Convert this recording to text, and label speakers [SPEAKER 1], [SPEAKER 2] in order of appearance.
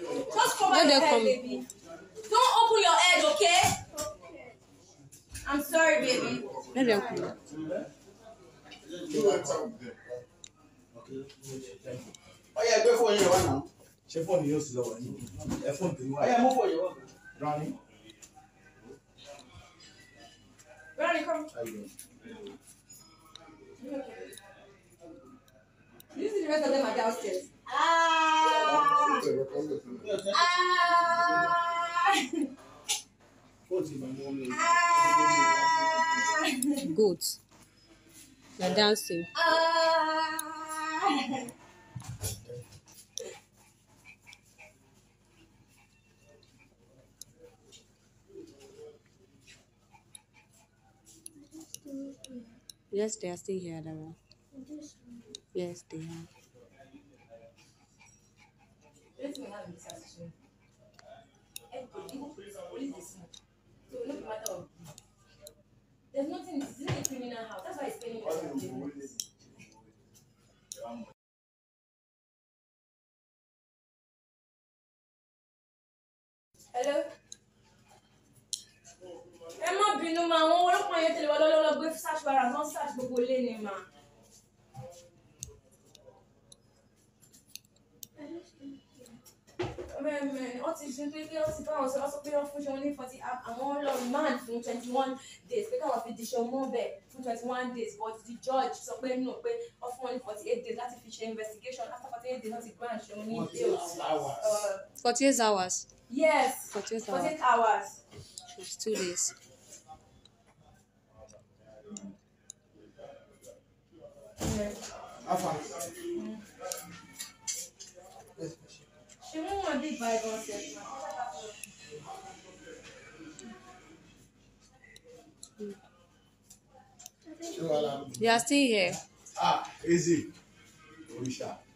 [SPEAKER 1] Just cover your head, baby. Don't open your head, okay? I'm sorry, baby. Let them come. Oh yeah, go for your one now. fóònù yóò sì lọ́wọ́ ní? Ẹ phone tó ń wá. Ọya mú fóònù yóò Ronnie, Ronnie, come. kọ́. This is the rest of them are downstairs. Ah. Good. They're dancing. Yes, they are still here, Dara. Yes, they are. There's nothing, this isn't a criminal house. That's why it's spending your Hello? Ẹ má bínú ma, àwọn ọlọ́pàá yẹn tẹ̀lé wa lọ́lọ́lọ́ gbé search warrant, search gbogbo ilé ni Hello? men wọ́n ti ṣe pé wọ́n ti bá wọn sọ wọ́n pé wọ́n fún ṣan ní forty àwọn lọ man fún twenty one days pé káwọn fi diṣan mọ́ bẹ́ẹ̀ fún twenty one days but the judge sọ pé no pé wọ́n fún wọn ní forty eight days láti fi ṣe investigation after forty eight days wọ́n ti grant ṣan ní bail. Uh, forty eight hours. yes forty eight hours. hours. two days. Mm. Yeah. दी पाएगा उसे यासी है आ इजी ओडिशा